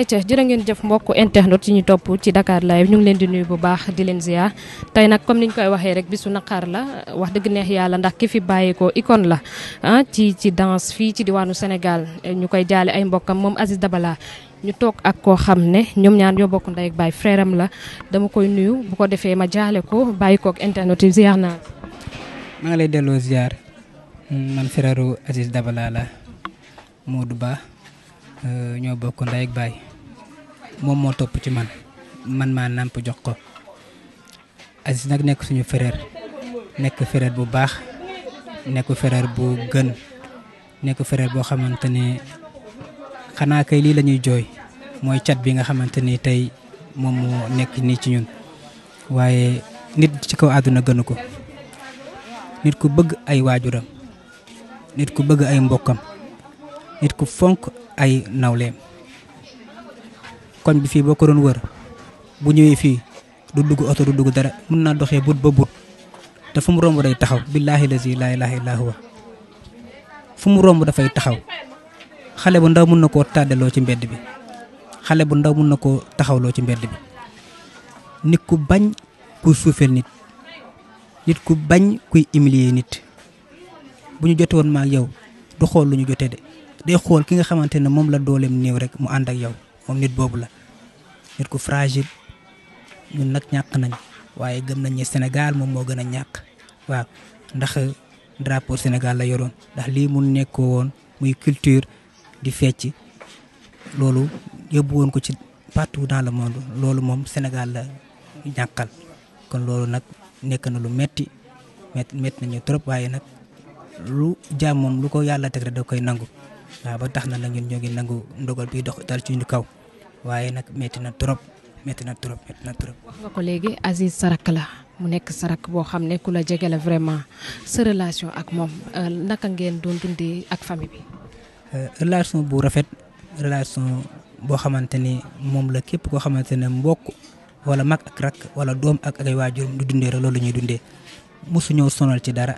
ayca jërë ngeen jëf mbokk internet yi ñu topp ci Dakar live ñu ngi leen di nuyu bu baax di leen ziar tey nag comme ni ñu koy waxee rek bisu naqar la wax dëgg neex yàlla ndax ki fi bàyyeekoo icône la ah ci ci danse fii ci diwaanu Sénégal ñu koy jaale ay mbokkam moom Aziz Dabala ñu toog ak koo xam ne ñoom ñaar ñoo bokk ndey ak baay frère la dama koy nuyu bu ko defee ma jaale ko bàyyi koog internet yi ziar naa maa ngi lay delloo ziar man frère Aziz Dabala la Modou Ba euh, ñoo bokk moom moo topp ci man man maa nàmp jox ko Aziz nag nekk suñu frère nekk frère bu baax nekk frère bu gën nekk frère boo xamante ne xanaa kay lii lañuy jooy mooy cat bi nga xamante ni tey moom moo nekk nii ci ñun waaye nit ci kaw àdduna gënu ko nit ku bëgg ay waajuram nit ku bëgg ay mbokkam nit ku fonk ay nawleem koñ bi fii boo ko doon wër bu ñëwee fii du dugg oto du dugg dara mën naa doxee but ba but te fu mu romb day taxaw billaahi lazi laa ilaaha illaa huwa fu mu romb dafay taxaw xale bu ndaw mun na koo tàddaloo ci mbedd bi xale bu ndaw mën na koo taxawloo ci mbedd bi nit ku bañ kuy suufeel nit nit ku bañ kuy humilier nit bu ñu jote woon maag yow du xool lu ñu jote de day xool ki nga xamante ne moom la dooleem néew rek mu ànd ak yow moom nit boobu la nit ku fragile ñun nag ñàkk nañ waaye gëm nañ ne Sénégal moom moo gën a ñàkk waaw ndax drapeau Sénégal la yoroon ndax lii mu nekkoo woon muy culture di fecc loolu yóbbu woon ko ci partout dans le monde loolu moom Sénégal la ñàkkal kon loolu nag nekk na lu metti metti metti nañu trop waaye nag lu jaam lu ko yàlla teg da koy nangu waaw ba tax na nag ñun ñoo ngi nangu ndogal bi dox dal ci ñu kaw waaye nag métti na trop métti na trop métti na trop. wax nga ko léegi Aziz Sarak la mu nekk Sarak boo xam ne ku la jege la vraiment sa relation ak moom euh, naka ngeen doon dundee ak famille bi. Euh, relation bu rafet relation boo xamante ni moom la képp koo xamante ne mbokk wala mag ak rak wala doom ak ay waajurum du dundee rek loolu ñuy dundee mosu ñoo sonal ci dara.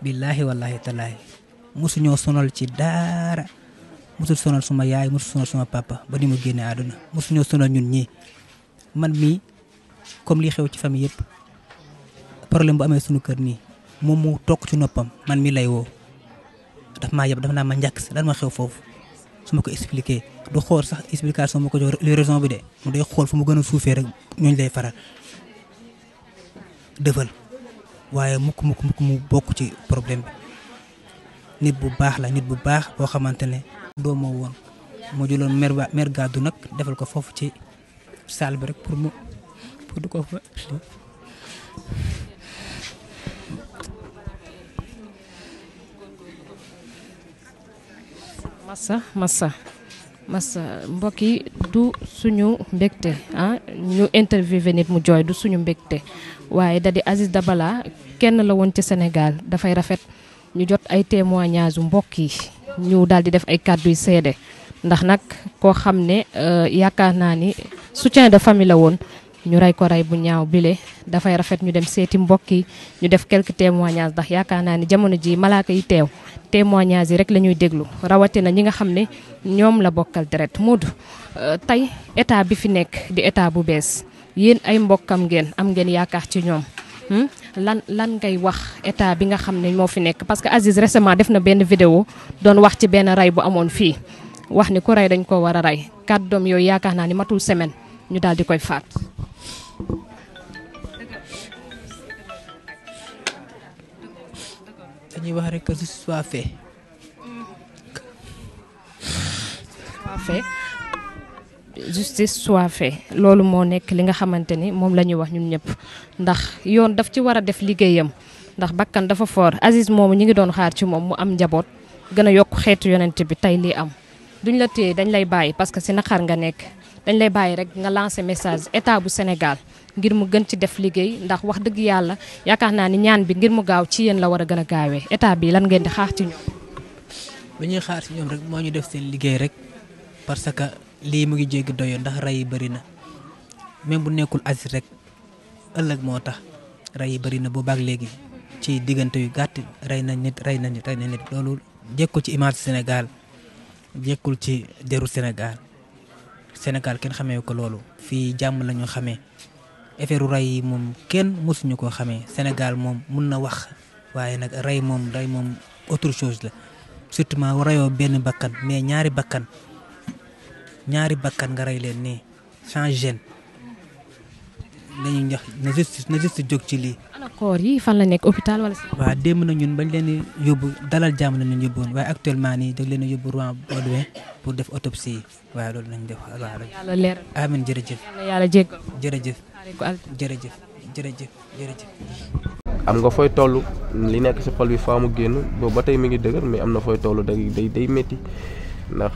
billaahi wallaahi tallaahi mosu ñoo sonal ci dara. musul sonal suma yaay musul sonal suma papa ba ni mu génne àdduna musul ñoo sonal ñun ñii man mii comme li xew ci famille yëpp problème bu amee suñu kër nii moom mu toog ci noppam man mi lay woo daf ma yeb dafa naa ma njàkk lan ma xew foofu su ma ko expliqué du xool sax explication ma ko jox li raison bi de mu day xool fu mu gën a suufee rek ñooñu lay faral dëfal waaye mukk mukk mu bokk ci problème bi nit bu baax la nit bu baax boo xamante ne doomoo woon mu jëloon mère mère nag defal ko foofu ci salle bi rek pour mu pour du ko fa. massa massa mbokki mbokk du suñu mbégte ah ñu interviewé nit mu jooy du suñu mbégte waaye da di Aziz Dabala kenn la woon ci Sénégal dafay rafet ñu jot ay témoignages mbokk yi. ñu daal di def ay kàdduy seede ndax nag koo xam ne euh, yaakaar naa ni soutien de famille la woon ñu rey ko rey bu ñaaw bile dafay rafet ñu dem seeti mbokk yi ñu def quelques témoignages ndax yaakaar naa ni jamono ji malaaka yi teew témoignages yi rek la ñuy déglu rawatina ñi nga xam ne ñoom la bokkal deret Moodu euh, tey état bi fi nekk di état bu bees yéen ay mbokkam ngeen am ngeen yaakaar ci ñoom hmm? lan lan ngay wax état bi nga xam ne moo fi nekk parce que Aziz def na benn vidéo doon wax ci benn rey bu amoon fii wax ni ku rey dañ ko war a rey kàddu doom yooyu yaakaar naa ni matul semaine ñu daal di koy faat. dañuy wax rek que ce justice soit fait loolu moo nekk li nga xamante ni moom la ñuy wax ñun ñëpp ndax yoon daf ci war a def liggéeyam ndax bakkan dafa fort Aziz moomu ñu ngi doon xaar ci moom mu am njaboot gën a yokk xeetu yonent bi tey lii am duñ la téye dañ lay bàyyi parce que si naqar nga nekk dañ lay bàyyi rek nga lancer message état bu Sénégal ngir mu gën ci def liggéey ndax wax dëgg yàlla yaakaar naa ni ñaan bi ngir mu gaaw ci yéen la war a gën a gaawee état bi lan ngeen di xaar ci ñoom. bi ñuy xaar ci ñoom rek moo ñu def seen liggéey rek parce que lii mu ngi jéggi doyo ndax rey yi bëri na même bu nekkul Aziz rek ëllëg moo tax rey yi bëri na bu baag léegi ci diggante yu gàtt rey na nit rey na nit rey na nit loolu jekkul ci image Sénégal jekkul ci deru Sénégal Sénégal kenn xamee ko loolu fii jàmm la xame xamee effet rey yi moom kenn mësuñu ko xamee Sénégal moom mun na wax waaye nag rey moom rey moom autre chose la surtout ma reyoo benn bakkan mais ñaari bakkan ñaari bakkan nga rey leen nii sans gêne nañu ñax na justice na justice jóg ci lii. ana yi fan la nekk hôpital wala. waaw démb na ñun bañ leen di yóbbu dalal jàmm la ñu yóbbuwoon waaye actuellement nii dañ leen yóbbu yóbbu Rouen Baudouin pour def autopsie yi waaw loolu lañ def waaw. yàlla leeral amiin jërëjëf. yàlla jéggal jërëjëf. jërëjëf jërëjëf jërëjëf. am nga fooy toll li nekk ci xol bi faamu génn boobu ba tey mi ngi dëgër mais am na fooy toll day day day métti ndax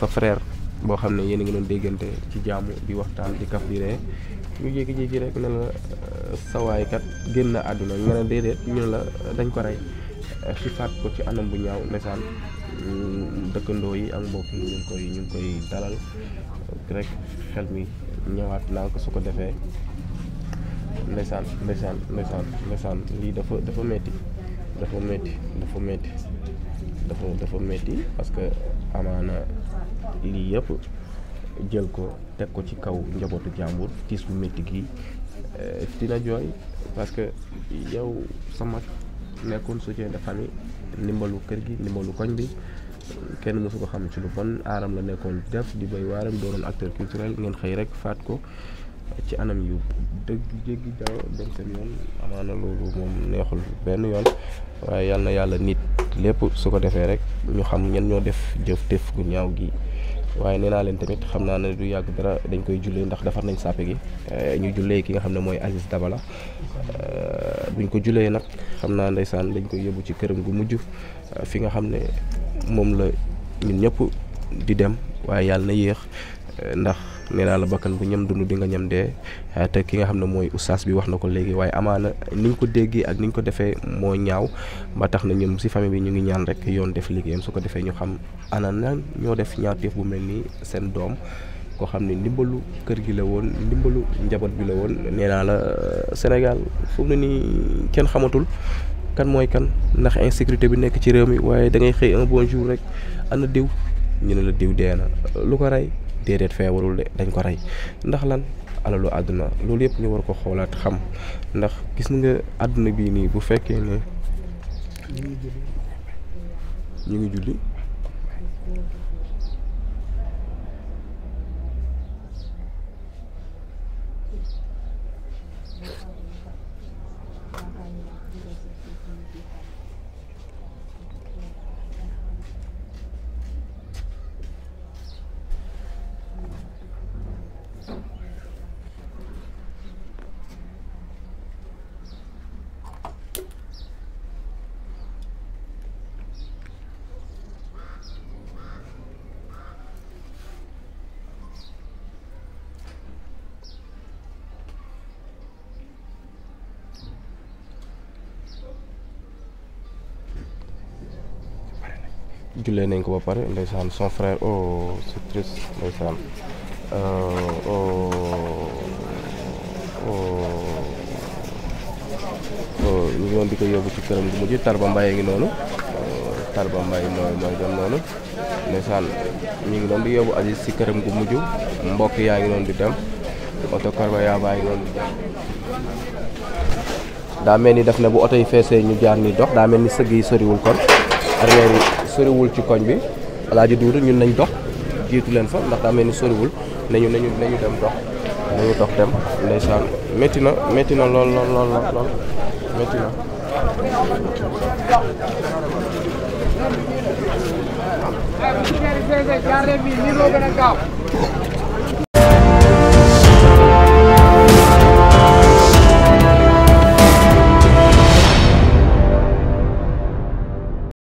sa frère. boo xam ne yéen a ngi doon déggante ci jaamu di waxtaan di kaf di ree ñu jékki-jékki rek ne la euh, sawaay kat génn na àdduna nga ne déedéet ñu ne la dañ ko rey euh, xiifaat ko ci anam bu ñaaw ndeysaan mm, dëkkandoo yi ak mbokk yi ñu ngi koy ñu ngi dalal euh, rek xel mi ñëwaat naa ko su ko defee ndeysaan ndeysaan ndeysaan ndeysaan lii dafa dafa metti dafa metti dafa metti dafa metti parce que amaana lii yëpp jël ko teg ko ci kaw njabootu jàmbur tiis bu métti gi euh, dina jooy parce que yow sama nekkoon soutien de famille ndimbalu kër gi ndimbalu koñ bi kenn mësu ko xam ci lu bon aaram la nekkoon def di béy waaram doonoon acteur culturel ngeen xëy rek faat ko ci anam yu dëgg jéggi jaww dem seen yoon loolu moom neexul benn yoon waaye yal na yàlla nit lépp su ko defee rek ñu xam ñen ñoo def jëf def gu ñaaw gi waaye nee naa leen tamit xam naa ne du yàgg dara dañ koy jullee ndax defar nañ sàppe gi eh, ñu jullee ki nga xam ne mooy Aziz eh, buñ ko jullee nag xam naa ndeysaan dañ koy yóbbu ci këram gu mujj eh, fi nga xam ne moom la ñun ñëpp di dem waaye yàlla na yéex ndax nee naa la bakkan bu ñam dund di nga ñam dee eh, te ki nga xam ne mooy oustaz bi wax na ko léegi waaye amaana niñ ko déggee ak niñ ko defee moo ñaaw ba tax na ñoom si famille bi ñu ngi ñaan rek yoon def liggéeyam su ko defee ñu xam ana na ñoo def ñaawteef bu mel ni seen doom ko xam ne ndimbalu kër gi la woon ndimbalu njaboot bi la woon nee naa la eh, Sénégal fu mu ne nii kenn xamatul kan mooy kan ndax insécurité bi nekk ci réew mi waaye da ngay xëy un bon jour rek ana diw ñu ne la diw dee na lu ko rey déedéet fee warul dañ ko rey ndax lan alalu àdduna loolu yëpp ñu war ko xoolaat xam ndax gis nga àdduna bii nii bu fekkee ne ñu ngi julli jullee nañ ko ba pare ndeysaan son frère oh c'est triste ndeysaan euh, oh, oh, oh, ñu ngi doon di ko yóbbu ci këram bu mujj Tarba Mbaye ngi noonu euh, Tarba Mbaye mooy mooy dem noonu ndeysaan ñu ngi doon di yóbbu Aziz ci këram gu mujj mbokk yaa ngi doon di dem oto Tarba yaa baa ngi doon daa mel ni def na bu oto yi feesee ñu jaar ni dox daa mel ni sëgg yi soriwul kon arrière soriwul ci koñ bi alaaji duudu ñun nañ dox jiitu leen fa ndax daa mel ni soriwul nañu nañu nañu dem dox nañu dox dem ndeysaan métti na metti na lool lool lool lool na